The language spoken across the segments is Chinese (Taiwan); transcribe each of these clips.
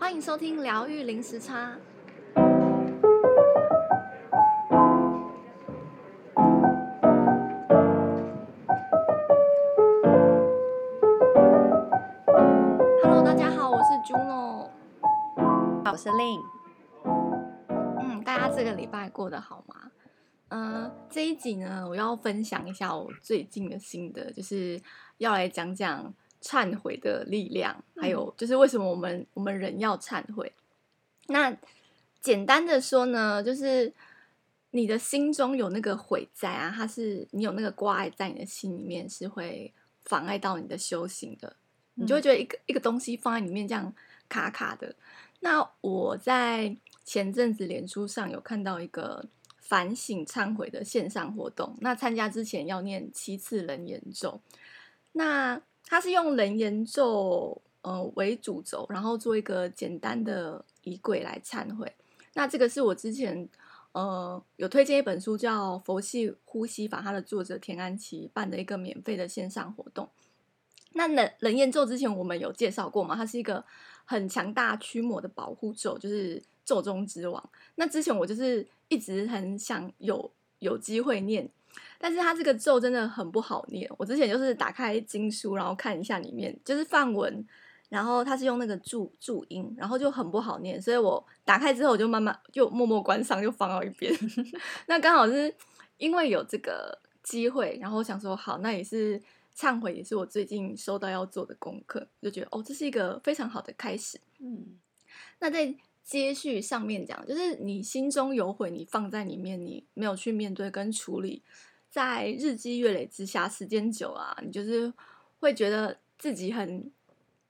歡迎收聽《療癒零時差》。Hello，大家好，我是 Juno 哦。我是 Lin。嗯，大家這個禮拜過得好嗎？嗯、呃，這一集呢，我要分享一下我最近的心得，就是要來講講。懺悔的力量，還有就是為什麼我們、嗯，我們人要懺悔？那簡單的說呢，就是你的心中有那個悔在啊，它是你有那個掛礙在你的心裡面，是會妨礙到你的修行的、嗯。你就會覺得一個一個東西放在裡面這樣卡卡的。那我在前陣子臉書上有看到一個反省懺悔的線上活動，那參加之前要念七次人言咒，那。它是用楞嚴咒呃、為主軸，然後做一個簡單的儀軌來懺悔。那這個是我之前呃有推薦一本書叫《佛系呼吸法》，它的作者田安琪辦的一個免費的線上活動。那楞楞嚴咒之前我們有介紹過嘛？它是一個很強大驅魔的保護咒，就是咒中之王。那之前我就是一直很想有有機會念。但是它這個咒真的很不好念，我之前就是打開經書，然後看一下裡面就是梵文，然後它是用那個註註音，然後就很不好念，所以我打開之後我就慢慢就默默關上，就放到一邊。 那剛好是因為有這個機會，然後我想說好，那也是懺悔，也是我最近收到要做的功課，就覺得哦，這是一個非常好的開始。嗯，那在。接續上面講，就是你心中有悔，你放在裡面，你沒有去面對跟處理，在日積月累之下，時間久啊，你就是會覺得自己很，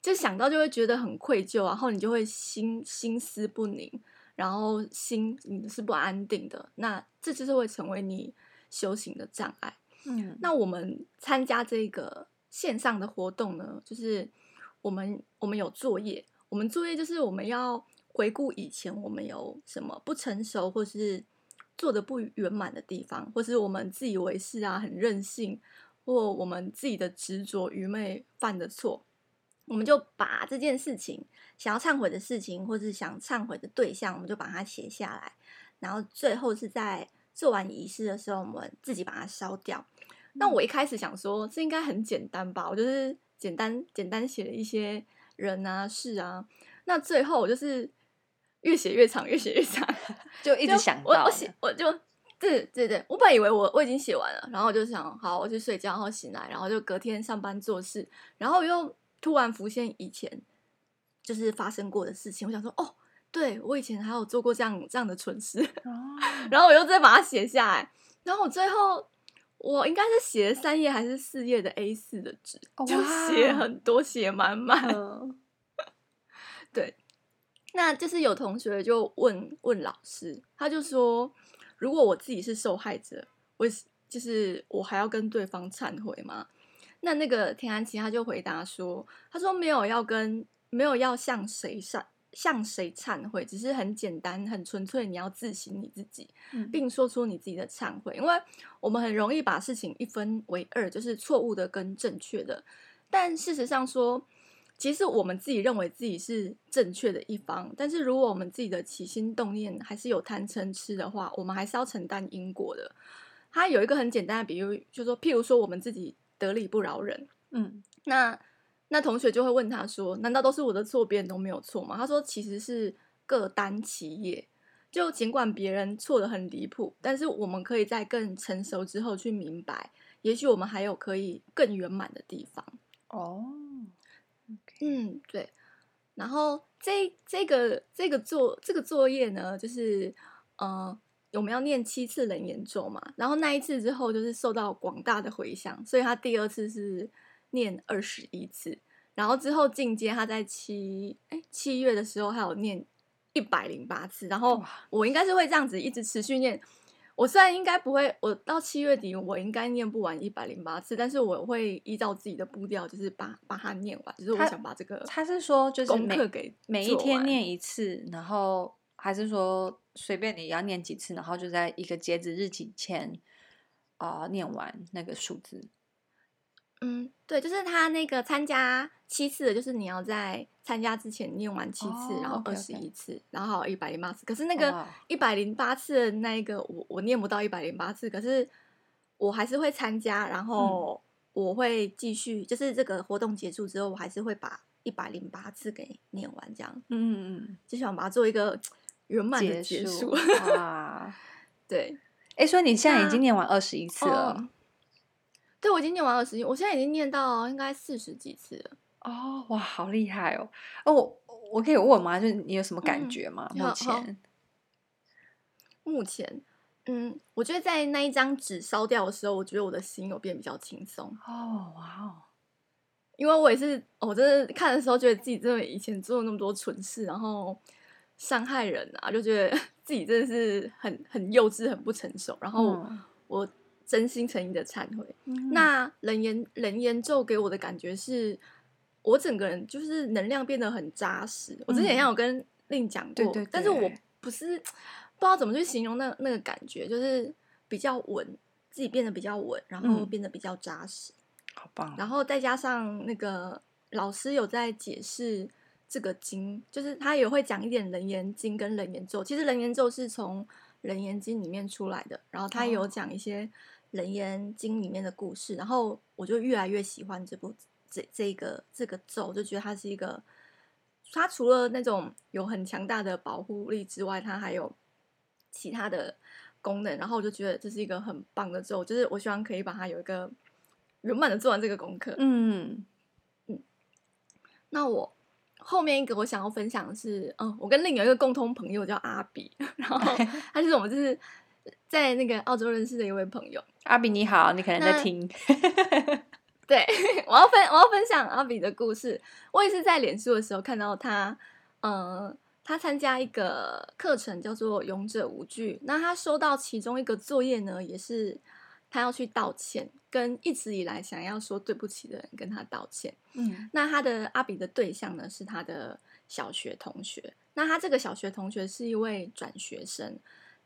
就想到就會覺得很愧疚，然後你就會心心思不寧，然後心你是不安定的，那這就是會成為你修行的障礙。嗯，那我們參加這個線上的活動呢，就是我們我們有作業，我們作業就是我們要。回顧以前，我們有什麼不成熟，或是做的不圓滿的地方，或是我們自以為是啊，很任性，或我們自己的執着愚昧犯的錯。嗯，我們就把這件事情，想要懺悔的事情，或是想懺悔的對象，我們就把它寫下來，然後最後是在做完儀式的時候，我們自己把它燒掉。嗯。那我一開始想說，這應該很簡單吧，我就是簡單簡單寫了一些人啊事啊，那最後我就是。越寫越長，越寫越長 就，就一直想。我我寫我就對對對，我本以為我我已經寫完了，然後我就想，好，我去睡覺，然後醒來，然後就隔天上班做事，然後又突然浮現以前就是發生過的事情。我想說，哦，對我以前還有做過這樣這樣的蠢事。哦，然後我又再把它寫下來，然後我最後我應該是寫了三頁還是四頁的 A 四的紙，就寫很多，寫滿滿。嗯那就是有同學就問問老師，他就說：“如果我自己是受害者，我就是我還要跟對方懺悔嗎？”那那個田安琪他就回答說：“他說沒有要跟，沒有要向誰懺向誰懺悔，只是很簡單、很純粹，你要自省你自己，並說出你自己的懺悔。因為我們很容易把事情一分為二，就是錯誤的跟正確的，但事實上說。”其實我們自己認為自己是正確的一方，但是如果我們自己的起心動念還是有貪嗔痴的話，我們還是要承擔因果的。他有一個很簡單的比喻，就是說譬如說我們自己得理不饒人，嗯，那那同學就會問他說：“難道都是我的錯，別人都沒有錯嗎？”他說：“其實是各擔其業，就儘管別人錯得很離譜，但是我們可以在更成熟之後去明白，也許我們還有可以更圓滿的地方。”哦。嗯，對。然後這這個這個作這個作業呢，就是呃，我們要念七次楞嚴咒嘛。然後那一次之後，就是受到廣大的回響，所以他第二次是念二十一次。然後之後進階，他在七，哎，七月的時候，還有念一百零八次。然後我應該是會這樣子一直持續念。我雖然應該不會，我到七月底我應該念不完一百零八次，但是我會依照自己的步調，就是把把它念完。就是我想把這個他，他是說就是每每一天念一次，然後還是說隨便你要念幾次，然後就在一個截止日期前啊，呃，念完那個數字。嗯，對，就是他那個參加七次的，就是你要在參加之前念完七次，然後二十一次，然後一百零八次。哦、okay, okay. 104, 可是那個一百零八次的那一個，哦、我我念不到一百零八次，可是我還是會參加，然後我會繼續，就是這個活動結束之後，我還是會把一百零八次給念完，這樣。嗯，嗯，就想把它做一個圓滿的結束，結束啊。 對，哎，所以你現在已經念完二十一次了。嗯對，我已經念完了時間，我現在已經念到應該四十幾次了。哦，哇，好厲害哦！哦，我我可以問嗎？就是你有什麼感覺嗎？嗯、目前，目前，嗯，我覺得在那一張紙燒掉的時候，我覺得我的心有變比較輕鬆。哦，哇哦！因為我也是，我真的看的時候，覺得自己真的以前做了那麼多蠢事，然後傷害人啊，就覺得自己真的是很很幼稚，很不成熟。然後我。嗯真心誠意的懺悔，嗯。那楞嚴、楞嚴咒給我的感覺是，我整個人就是能量變得很扎實。嗯、我之前也有跟令講過，嗯對對對，但是我不是不知道怎麼去形容那那個感覺，就是比較穩，自己變得比較穩，然後變得比較扎實，嗯，好棒。然後再加上那個老師有在解釋這個經，就是他也會講一點楞嚴經跟楞嚴咒。其實楞嚴咒是從楞嚴經裡面出來的，然後他也有講一些。《楞嚴經》裡面的故事，然後我就越來越喜歡這部這這一個這個咒，就覺得它是一個，它除了那種有很強大的保護力之外，它還有其他的功能，然後我就覺得這是一個很棒的咒，就是我希望可以把它有一個圓滿的做完這個功課。嗯嗯，那我後面一個我想要分享的是，嗯，我跟另有一個共同朋友叫阿比，然後他就是我們就是。在那個澳洲認識的一位朋友，阿比你好，你可能在聽。 對，我要分我要分享阿比的故事。我也是在臉書的時候看到他，嗯、呃，他參加一個課程叫做《勇者無懼》。那他收到其中一個作業呢，也是他要去道歉，跟一直以來想要說對不起的人跟他道歉。嗯，那他的阿比的對象呢，是他的小學同學。那他這個小學同學是一位轉學生。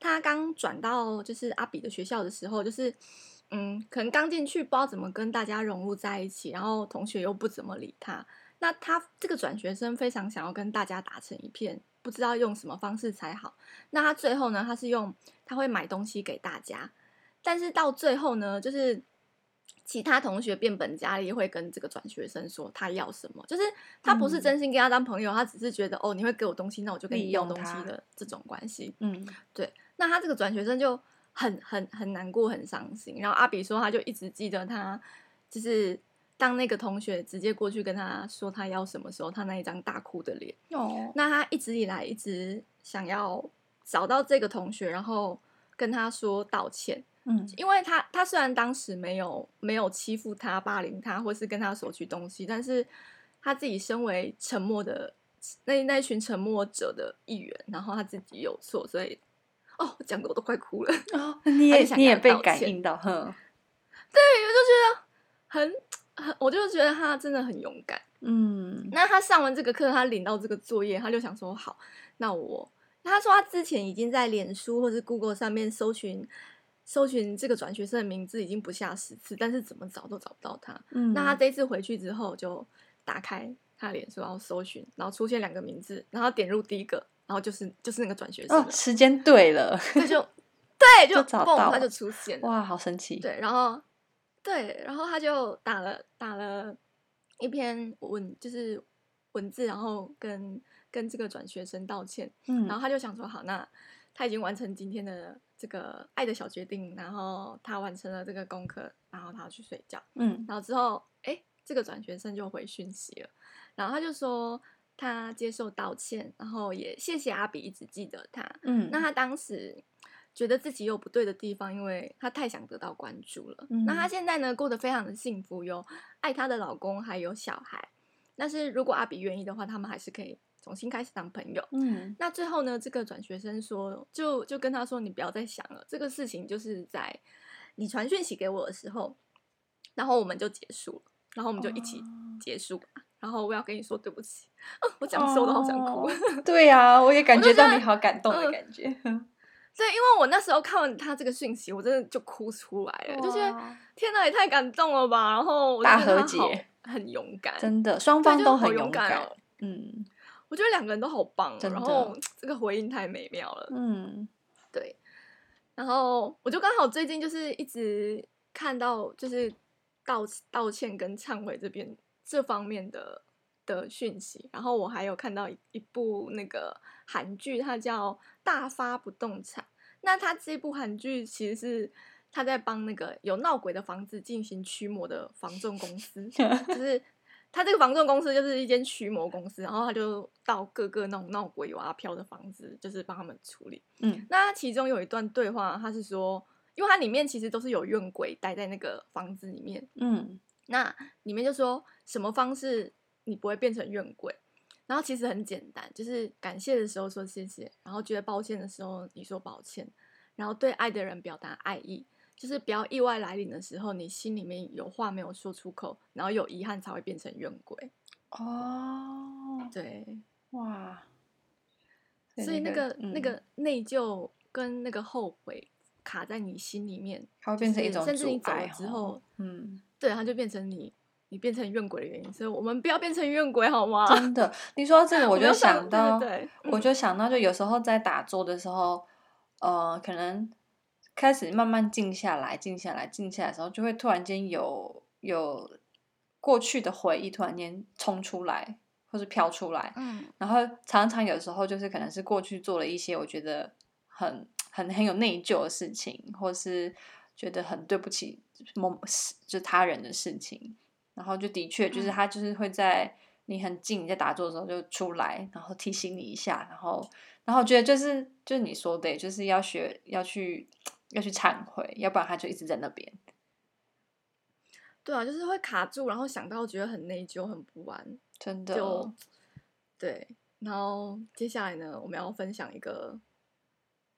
他剛轉到就是阿比的學校的時候，就是嗯，可能剛進去不知道怎麼跟大家融入在一起，然後同學又不怎麼理他。那他這個轉學生非常想要跟大家打成一片，不知道用什麼方式才好。那他最後呢，他是用他會買東西給大家，但是到最後呢，就是其他同學變本加厲會跟這個轉學生說他要什麼，就是他不是真心跟他當朋友，嗯、他只是覺得哦你會給我東西，那我就跟你要東西的這種關係。嗯，嗯對。那他這個轉學生就很很很難過，很傷心。然後阿比說，他就一直記得他就是當那個同學直接過去跟他說他要什麼時候，他那一張大哭的臉。哦，那他一直以來一直想要找到這個同學，然後跟他說道歉。嗯，因為他他雖然當時沒有沒有欺負他、霸凌他，或是跟他索取東西，但是他自己身為沉默的那那群沉默者的一員，然後他自己有錯，所以。哦，講的我都快哭了。哦，你也想你也被感應到，哼。對，我就覺得很,很，我就覺得他真的很勇敢。嗯，那他上完這個課，他領到這個作業，他就想說：“好，那我……”他說他之前已經在臉書或者 Google 上面搜尋、搜尋這個轉學生的名字，已經不下十次，但是怎麼找都找不到他。嗯，那他這一次回去之後就打開他臉書，然後搜尋，然後出現兩個名字，然後點入第一個。然後就是就是那個轉學生，哦，時間對了， 他就對，就，碰，他就出現了，哇，好神奇。對，然後對，然後他就打了打了一篇文，就是文字，然後跟跟這個轉學生道歉。嗯，然後他就想說，好，那他已經完成今天的這個愛的小決定，然後他完成了這個功課，然後他要去睡覺。嗯，然後之後，哎，這個轉學生就回訊息了，然後他就說。他接受道歉，然後也謝謝阿比一直記得他。嗯，那他當時覺得自己有不對的地方，因為他太想得到關注了。嗯，那他現在呢，過得非常的幸福喲，有愛他的老公還有小孩。但是如果阿比願意的話，他們還是可以重新開始當朋友。嗯，那最後呢，這個轉學生說，就就跟他說，你不要再想了，這個事情就是在你傳訊息給我的時候，然後我們就結束了，然後我們就一起結束吧。哦。然後我要跟你說對不起。啊、我講說我都好想哭。哦、對呀、啊，我也感覺到你好感動的感覺。以、呃、因為我那時候看完他這個訊息，我真的就哭出來了，就是天哪，也太感動了吧！然後大和解，很勇敢，真的，雙方都很勇敢。勇敢，嗯，我覺得兩個人都好棒，啊，然後這個回應太美妙了。嗯，對。然後我就剛好最近就是一直看到，就是道道歉跟懺悔這邊。這方面的的訊息，然後我還有看到一一部那個韓劇，它叫《大發不動產》。那它這部韓劇其實是他在幫那個有鬧鬼的房子進行驅魔的房仲公司， 就是他這個房仲公司就是一間驅魔公司，然後他就到各個那種鬧鬼、阿飄的房子，就是幫他們處理。嗯，那其中有一段對話，他是說，因為它裡面其實都是有怨鬼待在那個房子裡面，嗯。那裡面就說什麼方式你不會變成怨鬼，然後其實很簡單，就是感謝的時候說謝謝，然後覺得抱歉的時候你說抱歉，然後對愛的人表達愛意，就是不要意外來臨的時候你心裡面有話沒有說出口，然後有遺憾才會變成怨鬼。哦，對，哇，所以那個，所以那個，嗯、那個內疚跟那個後悔卡在你心裡面，它會變成一種阻礙，就是、甚至你走了之後，哦、嗯。對，他就變成你，你變成怨鬼的原因。所以，我們不要變成怨鬼，好嗎？真的，你說到這個， 我就想到，我，對對我就想到，就有時候在打坐的時候、嗯，呃，可能開始慢慢靜下來，靜下來，靜下來的時候，就會突然間有有過去的回憶突然間衝出來，或是飄出來。嗯、然後，常常有時候就是可能是過去做了一些我覺得很很很有內疚的事情，或是覺得很對不起。某就他人的事情，然後就的確就是他就是會在你很近你在打坐的時候就出來，然後提醒你一下，然後然後我覺得就是就是你說的，就是要學要去要去懺悔，要不然他就一直在那邊。對啊，就是會卡住，然後想到覺得很內疚、很不安，真的。就對，然後接下來呢，我們要分享一個。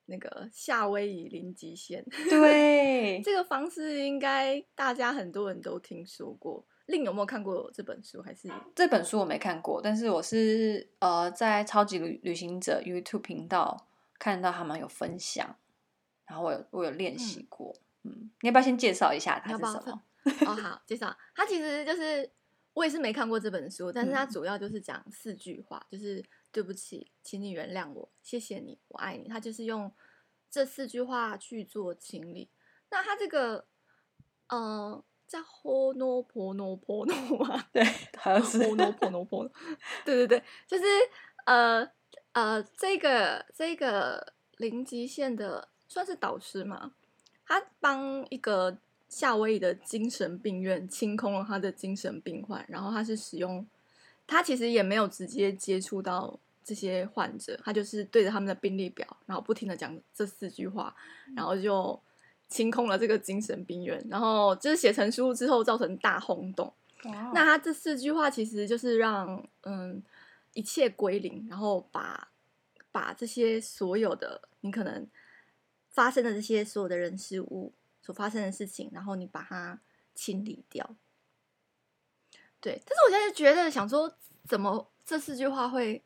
那個夏威夷零極限對，對 這個方式應該大家很多人都聽說過。另有沒有看過這本書？還是這本書我沒看過，但是我是呃在超級旅行者 YouTube 頻道看到他們有分享，然後我有我有練習過嗯。嗯，你要不要先介紹一下它是什麼要要？哦，好，介紹 它其實就是我也是沒看過這本書，但是它主要就是講四句話，嗯、就是。對不起，請你原諒我，謝謝你，我愛你。他就是用這四句話去做清理。那他這個，嗯、呃，叫荷歐波諾波諾嗎？對，好像是荷歐波諾波諾。 對對對，就是呃呃，這個這個零極限的算是導師嘛？他幫一個夏威夷的精神病院清空了他的精神病患，然後他是使用，他其實也沒有直接接觸到。這些患者，他就是對着他們的病歷表，然後不停地講這四句話，然後就清空了這個精神病院，然後就是寫成書之後造成大轟動。Wow. 那他這四句話其實就是讓嗯一切歸零，然後把把這些所有的你可能發生的這些所有的人事物所發生的事情，然後你把它清理掉。對，但是我現在就覺得想說，怎麼這四句話會？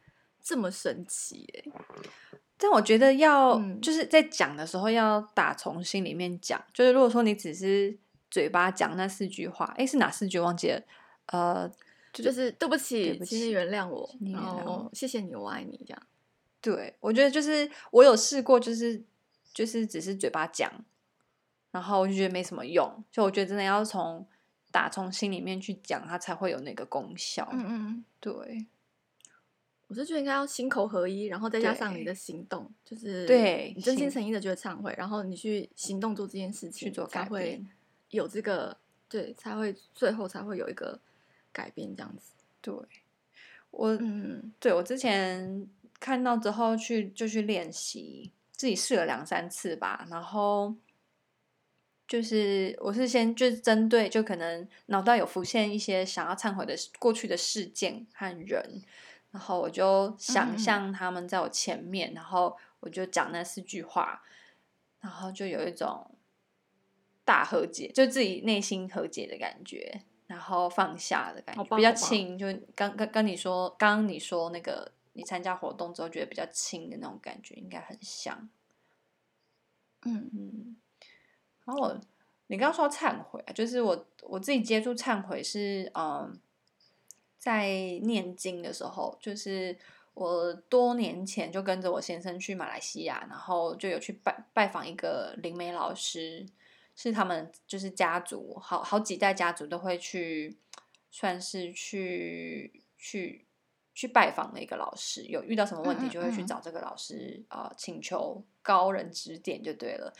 這麼神奇耶！欸，但我覺得要、嗯、就是在講的時候要打從心裡面講，就是如果說你只是嘴巴講那四句話，哎、欸，是哪四句忘記了？呃，就是對不起，請你原諒我，我，然，然謝謝你，我愛你，這樣。對，我覺得就是我有試過，就是就是只是嘴巴講，然後我就覺得沒什麼用。所以我覺得真的要從打從心裡面去講，它才會有那個功效。嗯嗯，對。我是覺得應該要心口合一，然後再加上你的行動，就是對你真心誠意的覺得懺悔，然後你去行動做這件事情，去做改變，才會有這個，對，才會最後才會有一個改變這樣子。對我，嗯，對我之前看到之後去就去練習，自己試了兩三次吧。然後就是我是先就是針對就可能腦袋有浮現一些想要懺悔的過去的事件和人。然後我就想象他們在我前面，嗯嗯，然後我就講那四句話，然後就有一種大和解，就自己內心和解的感覺，然後放下的感覺，比較輕。就剛剛跟，跟你說，剛，剛你說那個你參加活動之後覺得比較輕的那種感覺，應該很像。嗯嗯，然後我你剛剛說懺悔，啊，就是我我自己接觸懺悔是嗯。在念經的時候，就是我多年前就跟着我先生去馬來西亞，然後就有去拜拜訪一個靈媒老師，是他們就是家族好好幾代家族都會去，算是去去去拜訪的一個老師，有遇到什麼問題就會去找這個老師啊、呃，請求高人指點就對了。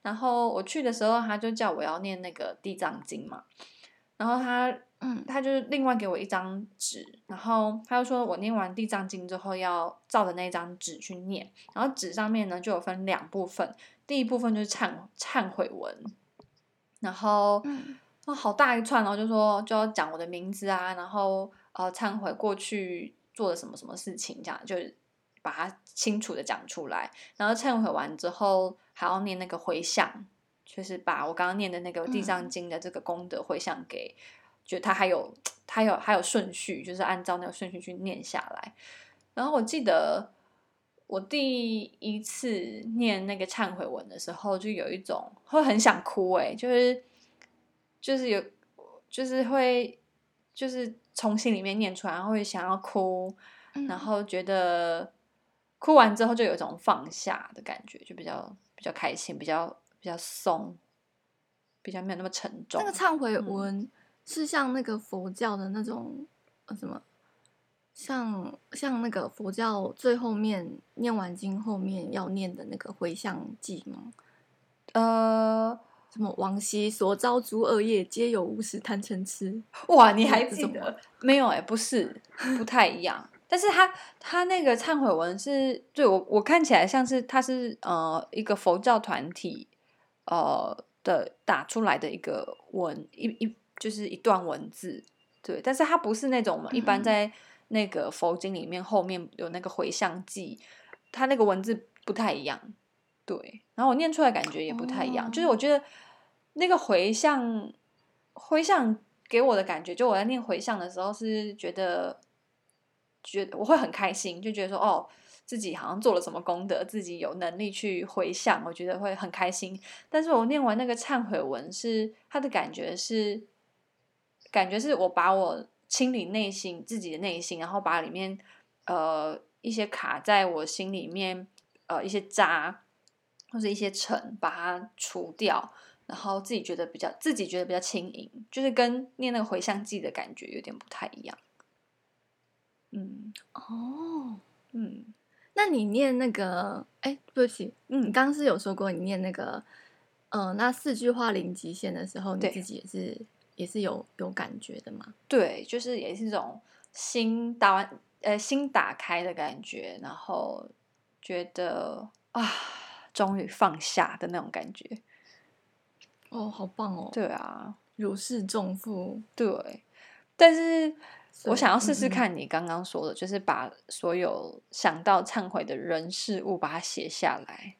然後我去的時候，他就叫我要念那個地藏經嘛，然後他。嗯，他就是另外給我一張紙，然後他就說我念完《地藏經》之後要照着那張紙去念，然後紙上面呢就有分兩部分，第一部分就是懺懺悔文，然後嗯、哦，好大一串哦，就說就要講我的名字啊，然後呃懺悔過去做了什麼什麼事情這樣，樣就把它清楚的講出來，然後懺悔完之後還要念那個回向，就是把我剛剛念的那個《地藏經》的這個功德回向給。嗯就他還有，他有還有順序，就是按照那個順序去念下來。然後我記得我第一次念那個懺悔文的時候，就有一種會很想哭、欸，哎，就是就是有就是會就是從心裡面念出來，然後會想要哭，然後覺得哭完之後就有一種放下的感覺，就比較比較開心，比較比較鬆，比較沒有那麼沉重。那、這個懺悔文、嗯。是像那個佛教的那種，呃，什麼？像像那個佛教最後面念完經後面要念的那個回向偈嗎、嗯？呃，什麼往昔所造諸惡業，皆由無始貪嗔癡。哇，你還記得？ 沒有哎、欸，不是，不太一樣。 但是他他那個懺悔文是對我我看起來像是他是呃一個佛教團體呃的打出來的一個文一一。一就是一段文字，對，但是它不是那種一般在那個佛經裡面後面有那個回向偈，它那個文字不太一樣，對。然後我念出來的感覺也不太一樣、哦，就是我覺得那個回向，回向給我的感覺，就我在念回向的時候是覺得，覺得我會很開心，就覺得說哦，自己好像做了什麼功德，自己有能力去回向，我覺得會很開心。但是我念完那個懺悔文是，是它的感覺是。感覺是我把我清理內心自己的內心，然後把裡面呃一些卡在我心裡面呃一些渣或者一些塵把它除掉，然後自己覺得比較自己覺得比較輕盈，就是跟念那個回向偈的感覺有點不太一樣。嗯，哦，嗯，那你念那個哎，對不，不起，嗯，你剛剛是有說過你念那個嗯、呃，那四句話零極限的時候，你自己也是。也是有有感覺的嘛？對，就是也是這種心打完，呃，心打開的感覺，然後覺得啊，終於放下的那種感覺。哦，好棒哦！對啊，如釋重負。對，但是我想要試試看，你剛剛說的嗯嗯，就是把所有想到懺悔的人事物，把它寫下來，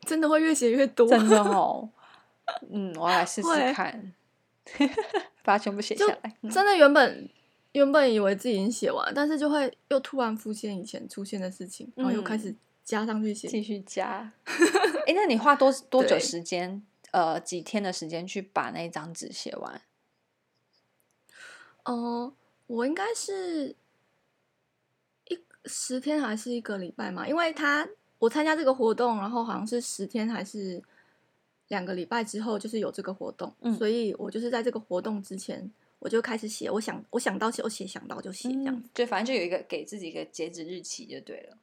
真的會越寫越多，真的哦。 嗯，我來試試看， 把它全部寫下來。真的，原本、嗯、原本以為自己已經寫完，但是就會又突然浮現以前出現的事情，嗯、然後又開始加上去寫，繼續加。哎、 欸，那你花多多久時間？呃，幾天的時間去把那張紙寫完？哦、呃，我應該是一十天還是一個禮拜嘛？因為他我參加這個活動，然後好像是十天還是？兩個禮拜之後就是有這個活動、嗯，所以我就是在這個活動之前，我就開始寫。我想我想到寫，我寫想到就寫這樣子。對、嗯，反正就有一個給自己一個截止日期就對了。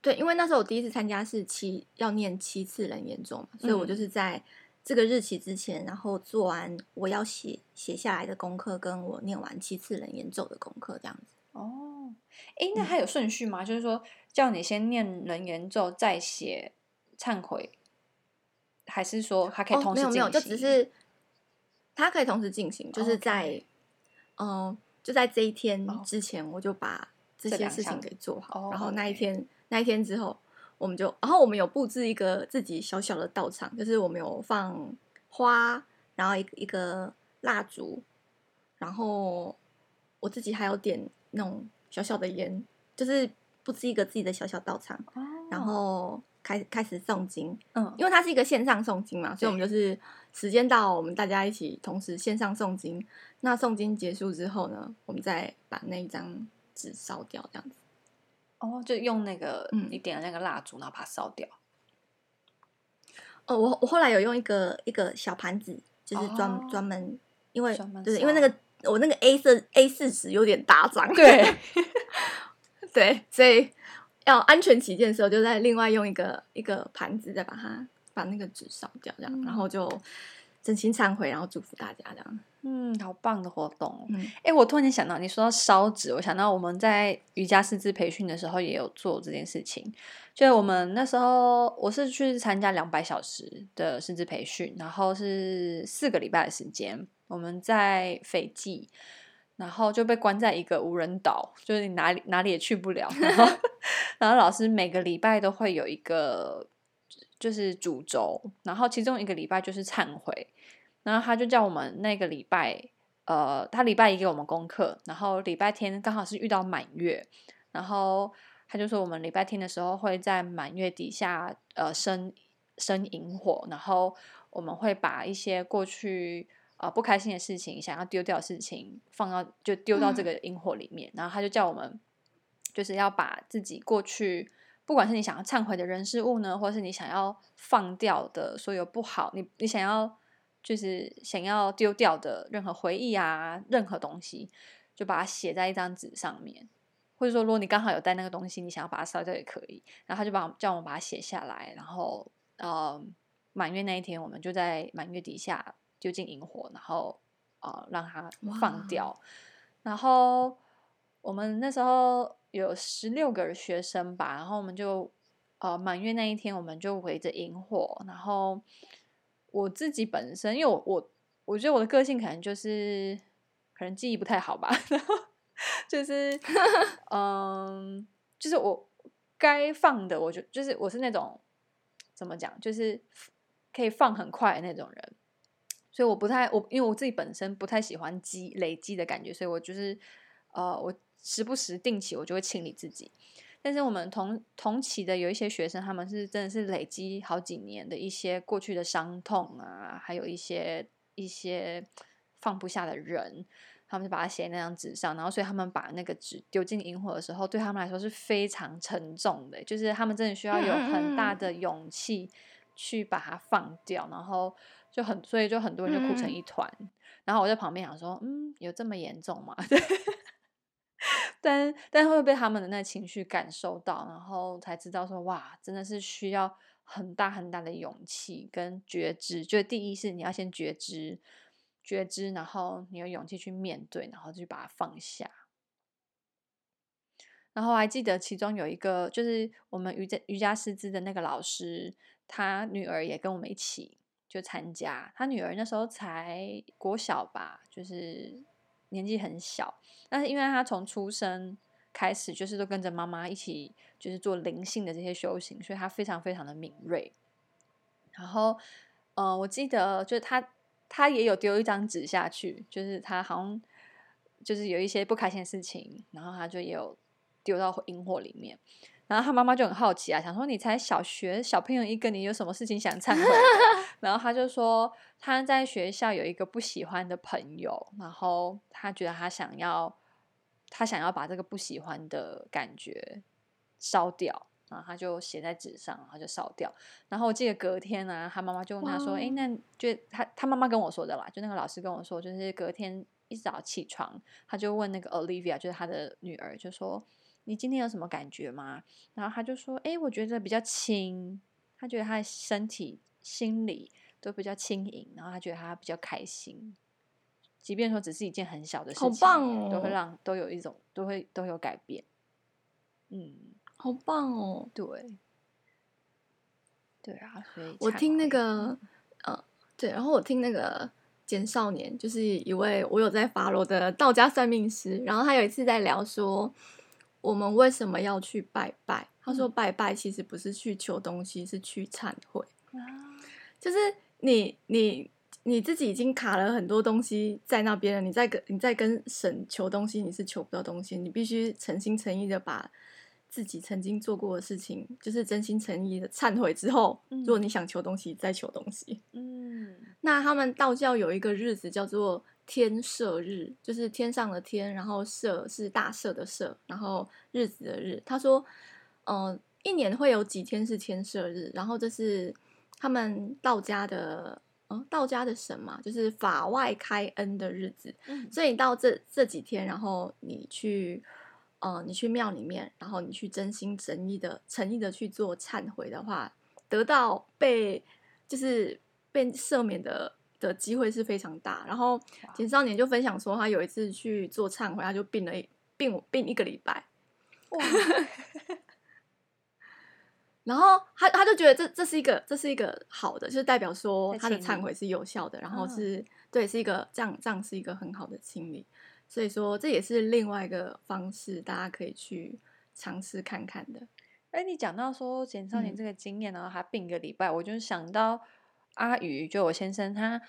對，因為那時候我第一次參加是七要念七次人言咒嘛，所以我就是在這個日期之前，嗯、然後做完我要寫寫下來的功課，跟我念完七次人言咒的功課這樣子。哦，哎、欸，那還有順序嗎、嗯？就是說叫你先念人言咒，再寫懺悔。還是說，他可以同時進行？Oh, 沒有沒有，就只是他可以同時進行。就是在嗯、Oh, okay. 呃，就在這一天之前，我就把這些事情給做好，Oh, okay. 然後那一天那一天之後，我們就然後我們有布置一個自己小小的道場，就是我們有放花，然後一一個蠟燭，然後我自己還有點那種小小的煙，就是布置一個自己的小小道場，Oh. 然後。開開始誦經，嗯，因為它是一個線上誦經嘛，所以我們就是時間到，我們大家一起同時線上誦經。那誦經結束之後呢，我們再把那一張紙燒掉，這樣子。哦，就用那個、嗯、你點的那個蠟燭，然後把它燒掉。哦，我我後來有用一個一個小盤子，就是專專、哦、門，因為就是因為那個我那個 A 色 A 四紙有點大張， 對，對，所以。要安全起見的時候，就在另外用一個一個盤子，再把它把那個紙燒掉，這樣，這樣、嗯，然後就真心懺悔，然後祝福大家，這樣，嗯，好棒的活動。哎、嗯、欸，我突然想到，你說到燒紙，我想到我們在瑜伽師資培訓的時候也有做這件事情。就我們那時候，我是去參加兩百小時的師資培訓，然後是四個禮拜的時間，我們在斐濟。然後就被關在一個無人島，就是你哪裡哪裡也去不了。然後， 然後老師每個禮拜都會有一個就是主軸，然後其中一個禮拜就是懺悔。然後他就叫我們那個禮拜，呃，他禮拜一給我們功課，然後禮拜天剛好是遇到滿月，然後他就說我們禮拜天的時候會在滿月底下呃生生營火，然後我們會把一些過去。啊、呃，不開心的事情，想要丟掉的事情，放到就丟到這個螢火裡面，嗯。然後他就叫我們，就是要把自己過去，不管是你想要懺悔的人事物呢，或者是你想要放掉的所有不好，你你想要就是想要丟掉的任何回憶啊，任何東西，就把它寫在一張紙上面。或者說，如果你剛好有帶那個東西，你想要把它燒掉也可以。然後他就把叫我們把它寫下來，然後呃，滿月那一天，我們就在滿月底下。就進營火，然後、呃、讓他放掉。Wow. 然後我們那時候有十六個學生吧，然後我們就、呃、滿月那一天，我們就圍着營火。然後我自己本身，因為我我，我覺得我的個性可能就是，可能記憶不太好吧。然 後就是，嗯、 um,，就是我該放的，我就，就是我是那種怎麼講，就是可以放很快的那種人。所以我不太我，因為我自己本身不太喜歡積累積的感覺，所以我就是，呃，我時不時定期我就會清理自己。但是我們同同期的有一些學生，他們是真的是累積好幾年的一些過去的傷痛啊，還有一些一些放不下的人，他們就把它寫在那張紙上，然後所以他們把那個紙丟進營火的時候，對他們來說是非常沉重的，就是他們真的需要有很大的勇氣去把它放掉，然後。就很，所以就很多人就哭成一團，嗯，然後我在旁邊想說，嗯，有這麼嚴重嗎？ 但但會被他們的那情緒感受到，然後才知道說，哇，真的是需要很大很大的勇氣跟覺知。就是，第一是你要先覺知，覺知，然後你有勇氣去面對，然後就把它放下。然後還記得其中有一個，就是我們瑜伽瑜伽師資的那個老師，他女兒也跟我們一起。就參加，他女兒那時候才國小吧，就是年紀很小。但是因為他從出生開始，就是都跟着媽媽一起，就是做靈性的這些修行，所以她非常非常的敏銳。然後，呃，我記得就是他，他也有丟一張紙下去，就是他好像就是有一些不開心的事情，然後他就也有丟到營火裡面。然後他媽媽就很好奇啊，想說你才小學小朋友，一個，你有什麼事情想懺悔？ 然後他就說他在學校有一個不喜歡的朋友，然後他覺得他想要他想要把這個不喜歡的感覺燒掉，然後他就寫在紙上，然後就燒掉。然後我記得隔天啊，他媽媽就問他說：“ Wow. 誒，那就他他媽媽跟我說的啦，就那個老師跟我說，就是隔天一早起床，他就問那個 Olivia，就是他的女兒，就說。”你今天有什麼感覺嗎？然後他就說：“哎、欸，我覺得比較輕，他覺得他的身體、心理都比較輕盈，然後他覺得他比較開心，即便說只是一件很小的事情，哦、都會讓都有一種都會都有改變。”嗯，好棒哦！對，對啊，所以我聽那個，嗯、啊，對，然後我聽那個簡少年，就是一位我有在法羅的道家算命師，然後他有一次在聊說。我們為什麼要去拜拜？他說拜拜其實不是去求東西，是去懺悔。嗯。就是你你你自己已經卡了很多東西在那邊了，你在跟你在跟神求東西，你是求不到東西。你必須誠心誠意的把自己曾經做過的事情，就是真心誠意的懺悔之後，如果你想求東西，再求東西。嗯。那他們道教有一個日子叫做。天赦日就是天上的天，然後赦是大赦的赦，然後日子的日。他說，呃，一年會有幾天是天赦日，然後這是他們道家的，嗯、哦，道家的神嘛，就是法外開恩的日子。嗯、所以到這這幾天，然後你去，呃，你去廟裡面，然後你去真心真意的、誠意的去做懺悔的話，得到被就是被赦免的的機會是非常大，然後簡少年就分享說，他有一次去做懺悔，他就病了一病病一個禮拜。Oh. 然後他他就覺得這這是一個這是一個好的，就是代表說他的懺悔是有效的，然後是對、oh. 是一個這樣這樣是一個很好的清理。所以說，這也是另外一個方式，大家可以去嘗試看看的。哎，你講到說簡少年這個經驗、啊，呢、嗯，他病一個禮拜，我就想到。阿宇就我先生他，他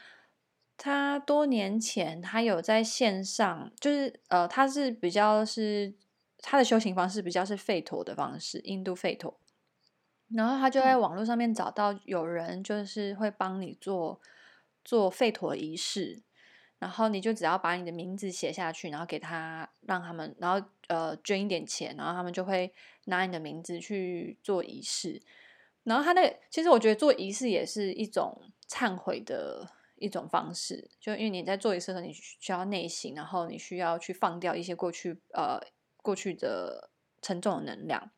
他多年前他有在線上，就是呃，他是比較是他的修行方式比較是吠陀的方式，印度吠陀。然後他就在網絡上面找到有人，就是會幫你做做吠陀儀式，然後你就只要把你的名字寫下去，然後給他讓他們，然後呃捐一點錢，然後他們就會拿你的名字去做儀式。然後他那，其實我覺得做儀式也是一種懺悔的一種方式，就因為你在做儀式的時候，你需要內省，然後你需要去放掉一些過去呃過去的沉重的能量。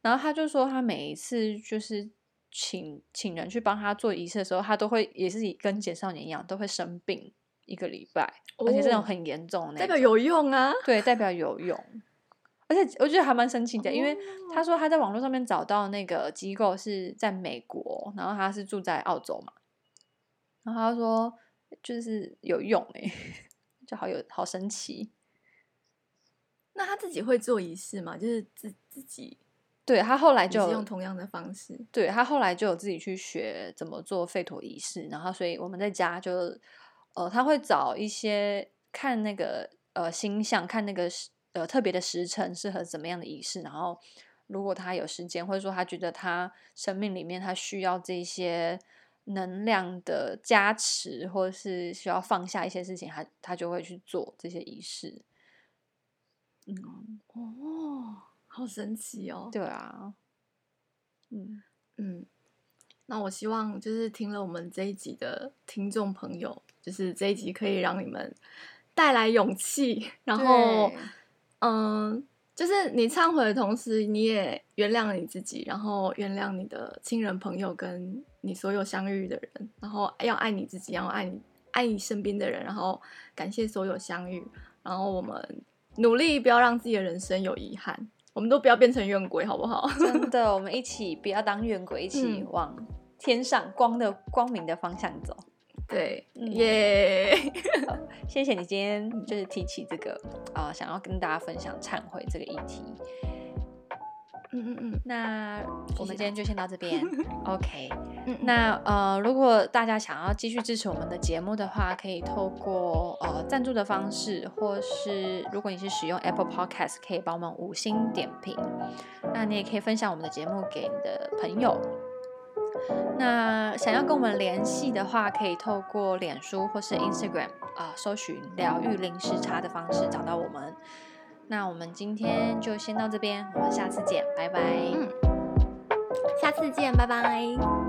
然後他就說，他每一次就是請請人去幫他做儀式的時候，他都會也是跟簡少年一樣，都會生病一個禮拜，哦、而且這種很嚴重的那種，代表有用啊，對，代表有用。而且我覺得還蠻神奇的，因為他說他在網絡上面找到那個機構是在美國，然後他是住在澳洲嘛，然後他說就是有用誒，就好有好神奇。那他自己會做儀式嗎？就是自自己？對，他後來就用同樣的方式。對，他後，對他後來就有自己去學怎麼做吠陀儀式，然後所以我們在家就呃他會找一些看那個呃星象看那個。呃，特別的時辰適合怎麼樣的儀式？然後，如果他有時間，或者說他覺得他生命裡面他需要這些能量的加持，或者是需要放下一些事情，他他就會去做這些儀式。嗯，哦，哦，好神奇哦！對啊，嗯嗯，那我希望就是聽了我們這一集的聽眾朋友，就是這一集可以讓你們帶來勇氣，然後。嗯，就是你懺悔的同時，你也原諒你自己，然後原諒你的親人、朋友，跟你所有相遇的人，然後要愛你自己，要愛你愛你身邊的人，然後感謝所有相遇，然後我們努力不要讓自己的人生有遺憾，我們都不要變成怨鬼，好不好？ 真的，我們一起不要當怨鬼，一起往天上光的光明的方向走。對耶、yeah. 謝謝你今天就是提起這個啊、呃，想要跟大家分享懺悔這個議題。嗯嗯嗯，那我們今天就先到這邊 ，OK 那。那呃，如果大家想要繼續支持我們的節目的話，可以透過呃贊助的方式，或是如果你是使用 Apple Podcast，可以幫我們五星點評。那你也可以分享我們的節目給你的朋友。那想要跟我們聯繫的話，可以透過臉書或是 Instagram 啊，搜尋“療癒零時差”的方式找到我們。那我們今天就先到這邊，我們下次見，拜拜。嗯，下次見，拜拜。